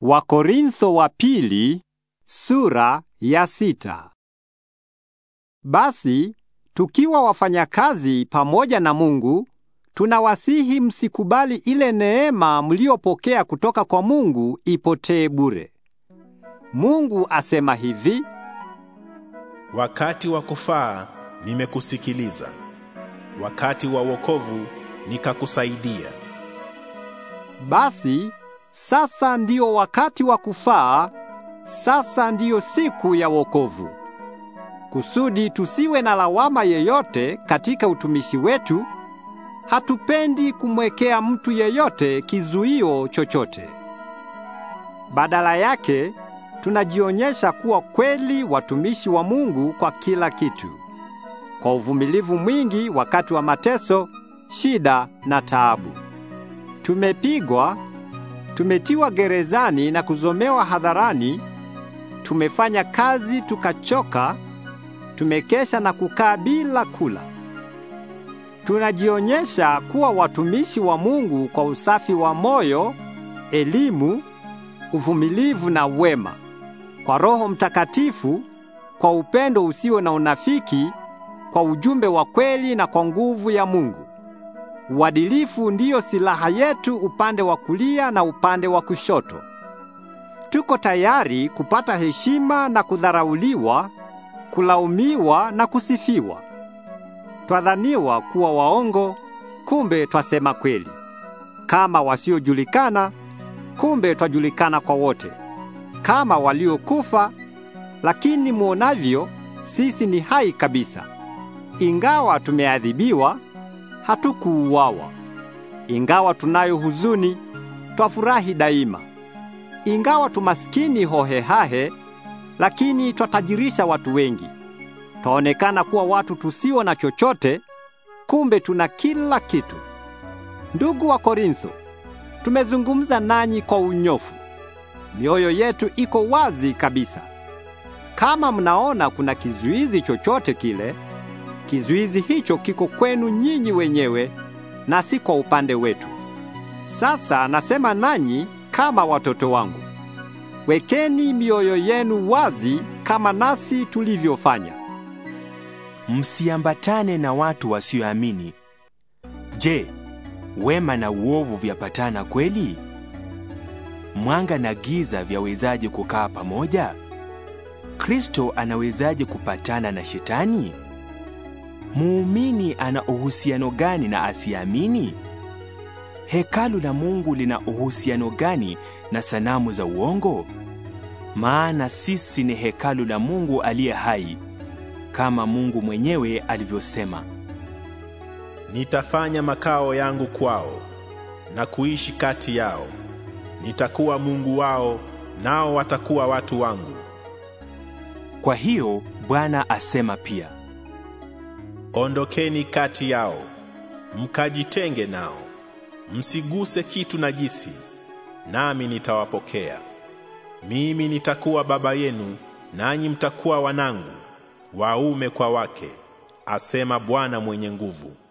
Wakorintho wa pili sura ya sita. Basi tukiwa wafanyakazi pamoja na Mungu, tunawasihi msikubali ile neema mliopokea kutoka kwa Mungu ipotee bure. Mungu asema hivi: wakati wa kufaa nimekusikiliza, wakati wa wokovu nikakusaidia. Basi sasa ndiyo wakati wa kufaa, sasa ndiyo siku ya wokovu. Kusudi tusiwe na lawama yeyote katika utumishi wetu, hatupendi kumwekea mtu yeyote kizuio chochote. Badala yake, tunajionyesha kuwa kweli watumishi wa Mungu kwa kila kitu. Kwa uvumilivu mwingi wakati wa mateso, shida na taabu. Tumepigwa Tumetiwa gerezani na kuzomewa hadharani, tumefanya kazi tukachoka, tumekesha na kukaa bila kula. Tunajionyesha kuwa watumishi wa Mungu kwa usafi wa moyo, elimu, uvumilivu na wema, kwa Roho Mtakatifu, kwa upendo usio na unafiki, kwa ujumbe wa kweli na kwa nguvu ya Mungu. Uadilifu ndiyo silaha yetu upande wa kulia na upande wa kushoto. Tuko tayari kupata heshima na kudharauliwa, kulaumiwa na kusifiwa. Twadhaniwa kuwa waongo, kumbe twasema kweli. Kama wasiojulikana, kumbe twajulikana kwa wote. Kama waliokufa, lakini mwonavyo sisi ni hai kabisa. Ingawa tumeadhibiwa, hatukuuawa. Ingawa tunayo huzuni, twafurahi daima. Ingawa tumaskini hohehahe, lakini twatajirisha watu wengi. Twaonekana kuwa watu tusio na chochote, kumbe tuna kila kitu. Ndugu wa Korintho, tumezungumza nanyi kwa unyofu. Mioyo yetu iko wazi kabisa. Kama mnaona kuna kizuizi chochote kile, Kizuizi hicho kiko kwenu nyinyi wenyewe na si kwa upande wetu. Sasa nasema nanyi kama watoto wangu. Wekeni mioyo yenu wazi kama nasi tulivyofanya. Msiambatane na watu wasioamini. Je, wema na uovu vyapatana kweli? Mwanga na giza vyawezaje kukaa pamoja? Kristo anawezaje kupatana na Shetani? muumini ana uhusiano gani na asiamini Hekalu la Mungu lina uhusiano gani na sanamu za uongo? Maana sisi ni hekalu la Mungu aliye hai, kama Mungu mwenyewe alivyosema, nitafanya makao yangu kwao na kuishi kati yao, nitakuwa Mungu wao, nao watakuwa watu wangu. Kwa hiyo Bwana asema pia ondokeni kati yao, mkajitenge nao, msiguse kitu najisi, nami nitawapokea. Mimi nitakuwa baba yenu, nanyi mtakuwa wanangu, waume kwa wake, asema Bwana mwenye nguvu.